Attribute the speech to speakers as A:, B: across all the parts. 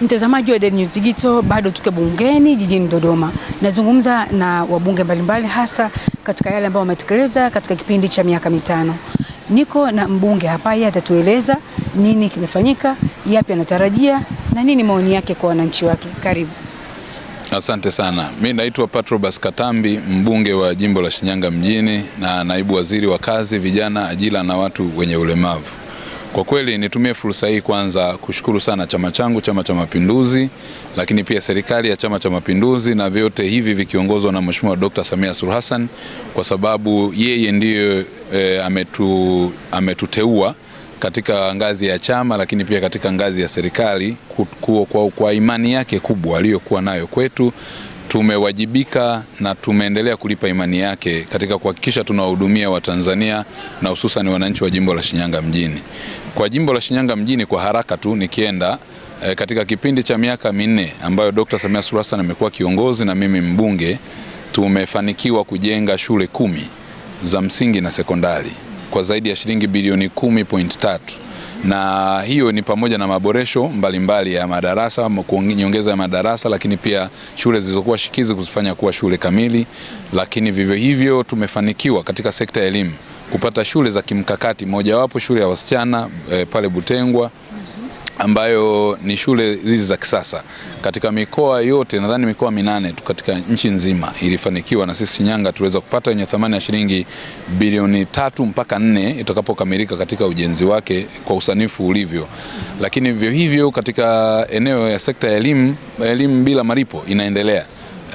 A: Mtazamaji wa Daily News Digital, bado tuko bungeni jijini Dodoma. Nazungumza na wabunge mbalimbali, hasa katika yale ambayo wametekeleza katika kipindi cha miaka mitano. Niko na mbunge hapa, yeye atatueleza nini kimefanyika, yapi anatarajia na nini maoni yake kwa wananchi wake. Karibu.
B: Asante sana. Mi naitwa Patrobas Katambi, mbunge wa jimbo la Shinyanga mjini na naibu waziri wa kazi, vijana, ajira na watu wenye ulemavu. Kwa kweli nitumie fursa hii kwanza kushukuru sana chama changu, Chama cha Mapinduzi, lakini pia serikali ya Chama cha Mapinduzi na vyote hivi vikiongozwa na Mheshimiwa Dr. Samia Suluhu Hassan kwa sababu yeye ndiyo e, eh, ametu, ametuteua katika ngazi ya chama lakini pia katika ngazi ya serikali kwa, kwa imani yake kubwa aliyokuwa nayo kwetu tumewajibika na tumeendelea kulipa imani yake katika kuhakikisha tunawahudumia Watanzania na hususan wananchi wa jimbo la Shinyanga mjini. Kwa jimbo la Shinyanga mjini, kwa haraka tu nikienda e, katika kipindi cha miaka minne ambayo Dkt. Samia Suluhu Hassan amekuwa kiongozi na mimi mbunge, tumefanikiwa kujenga shule kumi za msingi na sekondari kwa zaidi ya shilingi bilioni 10.3 na hiyo ni pamoja na maboresho mbalimbali mbali ya madarasa, nyongeza ya madarasa, lakini pia shule zilizokuwa shikizi kuzifanya kuwa shule kamili. Lakini vivyo hivyo tumefanikiwa katika sekta ya elimu kupata shule za kimkakati, mojawapo shule ya wasichana e, pale Butengwa ambayo ni shule hizi za kisasa katika mikoa yote, nadhani mikoa minane tu katika nchi nzima ilifanikiwa, na sisi nyanga tuweza kupata yenye thamani ya shilingi bilioni tatu mpaka nne itakapokamilika katika ujenzi wake kwa usanifu ulivyo. Lakini vivyo hivyo katika eneo ya sekta ya elimu, elimu bila malipo inaendelea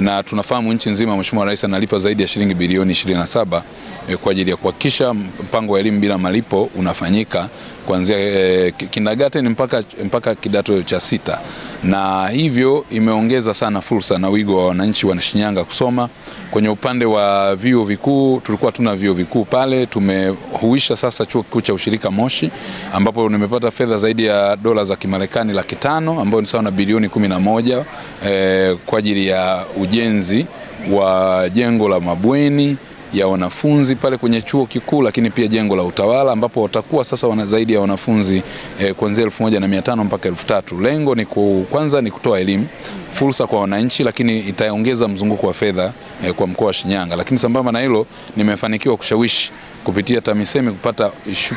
B: na tunafahamu nchi nzima Mheshimiwa Rais analipa zaidi ya shilingi bilioni 27 e, eh, kwa ajili ya kuhakikisha mpango wa elimu bila malipo unafanyika kuanzia e, kindergarten mpaka, mpaka kidato cha sita na hivyo imeongeza sana fursa na wigo wa wananchi wa Shinyanga kusoma. Kwenye upande wa vyuo vikuu, tulikuwa tuna vyuo vikuu pale, tumehuisha sasa chuo kikuu cha ushirika Moshi, ambapo nimepata fedha zaidi ya dola za Kimarekani laki tano ambayo ni sawa na bilioni kumi na moja eh, kwa ajili ya ujenzi wa jengo la mabweni ya wanafunzi pale kwenye chuo kikuu, lakini pia jengo la utawala ambapo watakuwa sasa wana zaidi ya wanafunzi eh, kuanzia tano mpaka tatu. Lengo ni ku, kwanza ni kutoa elimu fursa kwa wananchi, lakini itaongeza mzunguko wa fedha eh, kwa mkoa wa Shinyanga. Lakini sambamba na hilo nimefanikiwa kushawishi kupitia TAMISEMI kupata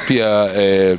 B: pia eh,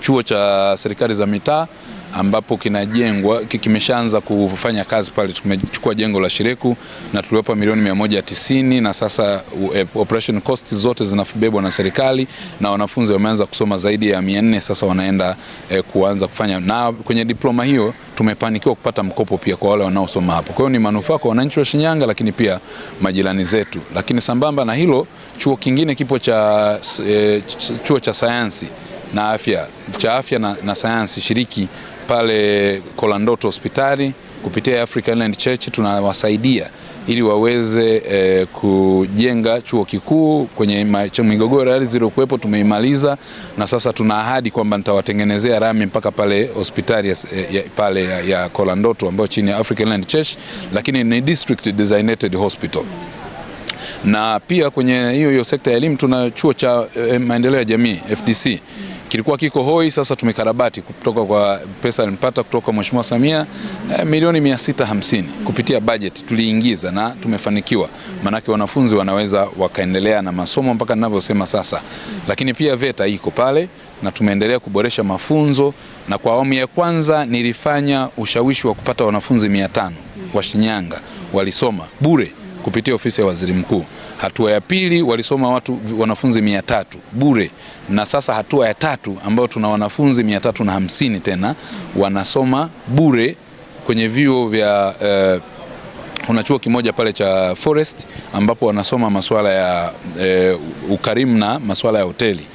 B: chuo cha serikali za mitaa ambapo kinajengwa kimeshaanza kufanya kazi pale. Tumechukua jengo la Shireku na tuliwapa milioni 190 na sasa eh, operation cost zote zinabebwa na serikali, na wanafunzi wameanza kusoma zaidi ya 400 sasa wanaenda eh, kuanza kufanya na kwenye diploma hiyo tumefanikiwa kupata mkopo pia kwa wale wanaosoma hapo. Kwa hiyo ni manufaa kwa wananchi wa Shinyanga, lakini pia majirani zetu. Lakini sambamba na hilo, chuo kingine kipo cha eh, chuo cha sayansi na afya cha afya na, na sayansi shiriki pale Kolandoto hospitali kupitia Africa Land Church tunawasaidia ili waweze e, kujenga chuo kikuu kwenye migogoro ya ardhi iliyokuwepo tumeimaliza, na sasa tuna ahadi kwamba nitawatengenezea rami mpaka pale hospitali ya, eh, ya, pale ya, ya Kolandoto ambayo chini ya African Land Church, lakini ni district designated hospital na pia kwenye hiyo hiyo sekta ya elimu tuna chuo cha e, maendeleo ya jamii FDC kilikuwa kiko hoi, sasa tumekarabati kutoka kwa pesa alimpata kutoka Mheshimiwa Samia eh, milioni hamsini kupitia bajeti tuliingiza na tumefanikiwa, maanake wanafunzi wanaweza wakaendelea na masomo mpaka ninavyosema sasa, lakini pia VETA iko pale na tumeendelea kuboresha mafunzo na kwa awamu ya kwanza nilifanya ushawishi wa kupata wanafunzi mia tano wa Shinyanga walisoma bure kupitia ofisi ya waziri mkuu. Hatua ya pili walisoma watu wanafunzi mia tatu bure, na sasa hatua ya tatu ambayo tuna wanafunzi mia tatu na hamsini tena wanasoma bure kwenye vyuo vya uh, kuna chuo kimoja pale cha Forest ambapo wanasoma masuala ya e, ukarimu na masuala ya hoteli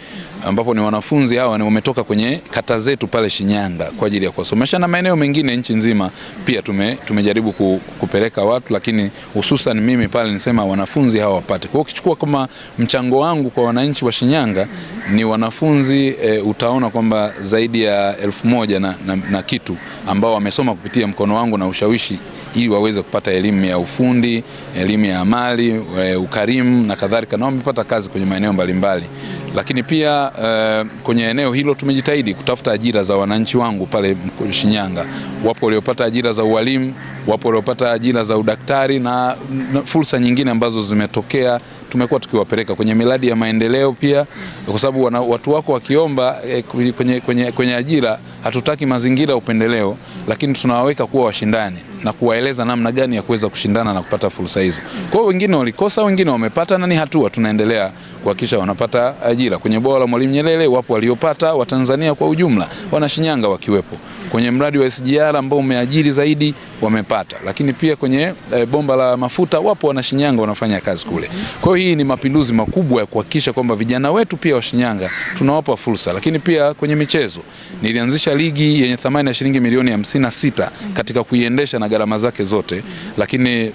B: ambapo ni wanafunzi hawa ni wametoka kwenye kata zetu pale Shinyanga kwa ajili ya kuwasomesha na maeneo mengine nchi nzima pia tume, tumejaribu ku, kupeleka watu, lakini hususan mimi pale nisema wanafunzi hawa wapate. Kwa hiyo ukichukua kama mchango wangu kwa wananchi wa Shinyanga ni wanafunzi e, utaona kwamba zaidi ya elfu moja na, na, na kitu ambao wamesoma kupitia mkono wangu na ushawishi ili waweze kupata elimu ya ufundi, elimu ya amali, eh, ukarimu na kadhalika, na wamepata kazi kwenye maeneo mbalimbali mbali. Lakini pia uh, kwenye eneo hilo tumejitahidi kutafuta ajira za wananchi wangu pale Shinyanga. Wapo waliopata ajira za ualimu, wapo waliopata ajira za udaktari na, na fursa nyingine ambazo zimetokea tumekuwa tukiwapeleka kwenye miradi ya maendeleo pia, kwa sababu watu wako wakiomba eh, kwenye, kwenye, kwenye ajira. Hatutaki mazingira ya upendeleo, lakini tunawaweka kuwa washindani na kuwaeleza namna gani ya kuweza kushindana na kupata fursa hizo. Kwa hiyo wengine walikosa, wengine wamepata, na ni hatua tunaendelea kuhakikisha wanapata ajira. Kwenye bwawa la Mwalimu Nyerere wapo waliopata, Watanzania kwa ujumla, Wanashinyanga wakiwepo. Kwenye mradi wa SGR ambao umeajiri zaidi wamepata, lakini pia kwenye e, bomba la mafuta wapo Wanashinyanga wanafanya kazi kule. Kwa hiyo hii ni mapinduzi makubwa ya kuhakikisha kwamba vijana wetu pia Washinyanga tunawapa fursa, lakini pia kwenye michezo nilianzisha ligi yenye thamani ya shilingi milioni hamsini na sita katika kuiendesha na gharama zake zote, lakini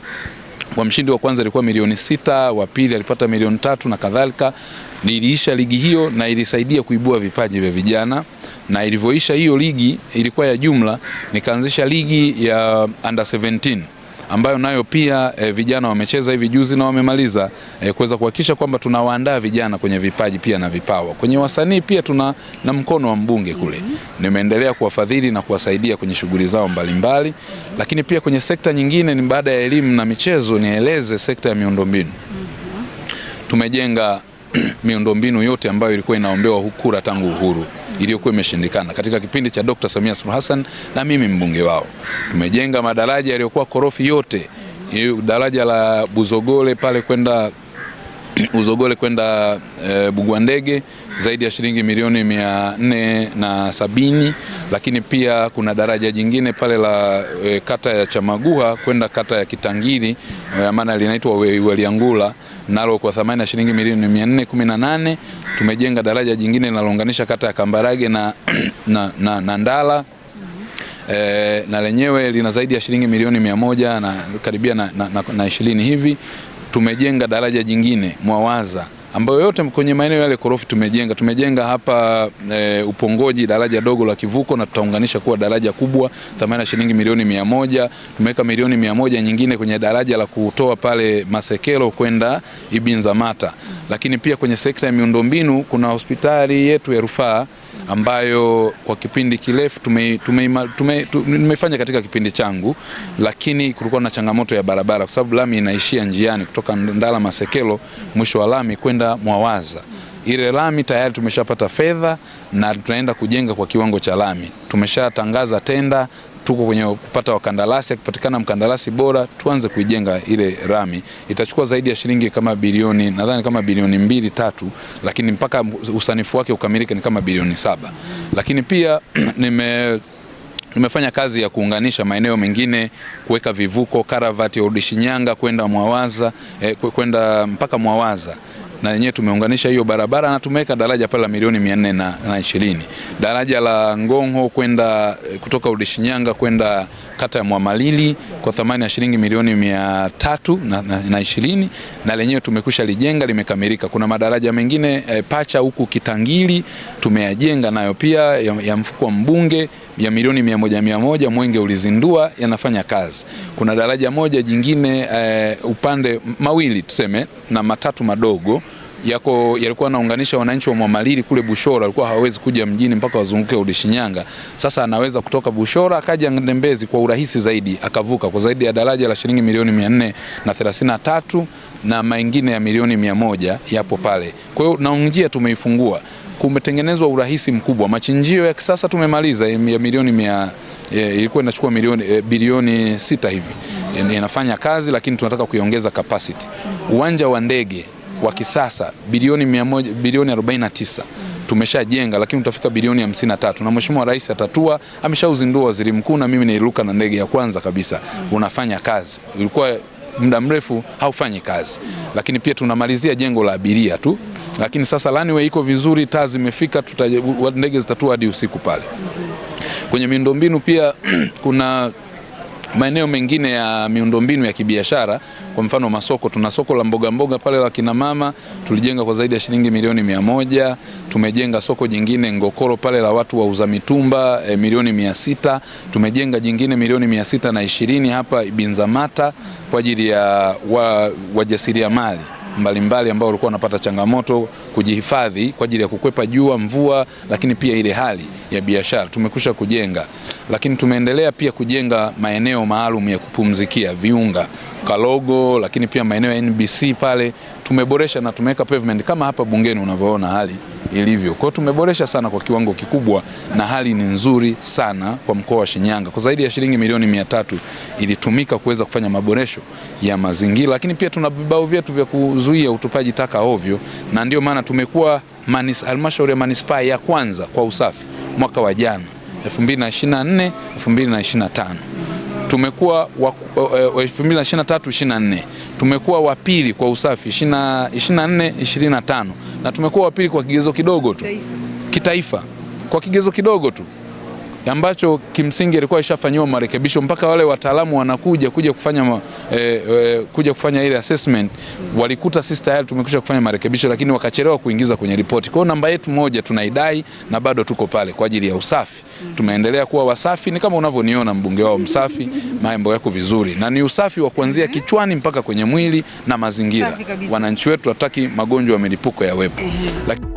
B: kwa mshindi wa kwanza alikuwa milioni sita, wa pili alipata milioni tatu na kadhalika. Niliisha ligi hiyo na ilisaidia kuibua vipaji vya vijana, na ilivyoisha hiyo ligi ilikuwa ya jumla, nikaanzisha ligi ya under 17 ambayo nayo pia e, vijana wamecheza hivi juzi na wamemaliza e, kuweza kuhakikisha kwamba tunawaandaa vijana kwenye vipaji pia na vipawa. Kwenye wasanii pia tuna na mkono wa mbunge kule, nimeendelea kuwafadhili na kuwasaidia kwenye shughuli zao mbalimbali mbali. Lakini pia kwenye sekta nyingine ni baada ya elimu na michezo, nieleze sekta ya miundombinu tumejenga miundombinu yote ambayo ilikuwa inaombewa kura tangu uhuru iliyokuwa imeshindikana katika kipindi cha Dr. Samia Suluhu Hassan na mimi mbunge wao. Tumejenga madaraja yaliyokuwa korofi yote, daraja la Buzogole pale kwenda Uzogole kwenda e, Bugwa Ndege zaidi ya shilingi milioni mia nne na sabini, lakini pia kuna daraja jingine pale la e, kata ya Chamaguha kwenda kata ya Kitangiri e, maana linaitwa Weliangula nalo kwa thamani ya shilingi milioni 418. Tumejenga daraja jingine linalounganisha kata ya Kambarage na, na, na, na Ndala e, na lenyewe lina zaidi ya shilingi milioni mia moja na karibia na, na, na, na ishirini hivi. Tumejenga daraja jingine Mwawaza ambayo yote kwenye maeneo yale korofi tumejenga. Tumejenga hapa e, Upongoji daraja dogo la kivuko na tutaunganisha kuwa daraja kubwa thamani ya shilingi milioni mia moja. Tumeweka milioni mia moja nyingine kwenye daraja la kutoa pale Masekelo kwenda Ibinzamata, lakini pia kwenye sekta ya miundombinu kuna hospitali yetu ya rufaa ambayo kwa kipindi kirefu tume, tume, tume, tume, nimefanya katika kipindi changu, lakini kulikuwa na changamoto ya barabara, kwa sababu lami inaishia njiani kutoka Ndala Masekelo, mwisho wa lami kwenda Mwawaza ile lami tayari tumeshapata fedha na tunaenda kujenga kwa kiwango cha lami. Tumeshatangaza tenda tuko kwenye kupata wakandarasi, akipatikana mkandarasi bora tuanze kuijenga ile rami. Itachukua zaidi ya shilingi kama bilioni nadhani kama bilioni mbili tatu, lakini mpaka usanifu wake ukamilike ni kama bilioni saba. Lakini pia nime tumefanya kazi ya kuunganisha maeneo mengine, kuweka vivuko, karavati ya shinyanga kwenda Mwawaza eh, kwenda mpaka Mwawaza na yenyewe tumeunganisha hiyo barabara na tumeweka daraja pale la milioni mia nne na ishirini daraja la Ngong'o kwenda eh, kutoka Udishinyanga kwenda kata ya Mwamalili kwa thamani ya shilingi milioni mia tatu na, na, na ishirini na lenyewe tumekusha lijenga limekamilika. Kuna madaraja mengine e, pacha huku Kitangili tumeyajenga nayo pia ya, ya mfuko wa mbunge ya milioni mia moja mia moja mwenge ulizindua yanafanya kazi. Kuna daraja moja jingine e, upande mawili tuseme na matatu madogo yako yalikuwa anaunganisha wananchi wa Mwamalili kule Bushora, alikuwa hawezi kuja mjini mpaka wazunguke Udishinyanga. Sasa anaweza kutoka Bushora akaja Ndembezi kwa urahisi zaidi, akavuka kwa zaidi ya daraja la shilingi milioni 433 na mengine ya milioni 100 yapo pale. Kwa hiyo na tumeifungua kumetengenezwa urahisi mkubwa. Machinjio ya kisasa tumemaliza ya milioni mia, e, ilikuwa inachukua milioni e, bilioni sita hivi inafanya e, kazi, lakini tunataka kuiongeza capacity. Uwanja wa ndege wa kisasa bilioni 100 bilioni 49 tumeshajenga lakini tutafika bilioni hamsini na tatu na Mheshimiwa Rais atatua, ameshauzindua waziri mkuu, na mimi niliruka na ndege ya kwanza kabisa. Unafanya kazi, ulikuwa muda mrefu haufanyi kazi, lakini pia tunamalizia jengo la abiria tu, lakini sasa runway iko vizuri, taa zimefika, ndege zitatua hadi usiku pale. Kwenye miundombinu pia kuna maeneo mengine ya miundombinu ya kibiashara. Kwa mfano masoko, tuna soko la mboga mboga pale la kina mama tulijenga kwa zaidi ya shilingi milioni mia moja. Tumejenga soko jingine Ngokoro pale la watu wauza mitumba e, milioni mia sita. Tumejenga jingine milioni mia sita na ishirini hapa Ibinzamata kwa ajili ya wa, wajasiriamali mbalimbali ambao walikuwa wanapata changamoto kujihifadhi kwa ajili ya kukwepa jua, mvua, lakini pia ile hali ya biashara tumekusha kujenga, lakini tumeendelea pia kujenga maeneo maalum ya kupumzikia viunga Kalogo, lakini pia maeneo ya NBC pale tumeboresha na tumeweka pavement kama hapa bungeni unavyoona hali ilivyo. Kwa hiyo tumeboresha sana kwa kiwango kikubwa, na hali ni nzuri sana kwa mkoa wa Shinyanga. Kwa zaidi ya shilingi milioni mia tatu ilitumika kuweza kufanya maboresho ya mazingira, lakini pia tuna vibao vyetu vya kuzuia utupaji taka ovyo, na ndio maana tumekuwa halmashauri manis, ya manispaa ya kwanza kwa usafi mwaka wa jana 2024 2025 tumekuwa 2023 24 eh, eh, tumekuwa wa pili kwa usafi 24 25 na tumekuwa wa pili kwa kigezo kidogo tu kitaifa, kitaifa kwa kigezo kidogo tu ambacho kimsingi ilikuwa ishafanyiwa marekebisho, mpaka wale wataalamu wanakuja kuja kufanya, ma, eh, eh, kuja kufanya ile assessment walikuta sisi tayari tumekwisha kufanya marekebisho, lakini wakachelewa kuingiza kwenye ripoti. Kwa hiyo namba yetu moja tunaidai na bado tuko pale kwa ajili ya usafi. Tumeendelea kuwa wasafi, ni kama unavyoniona mbunge wao msafi, mambo yako vizuri, na ni usafi wa kuanzia mhm. kichwani mpaka kwenye mwili na mazingira. Wananchi wetu hataki magonjwa ya milipuko yawepo. Mhm.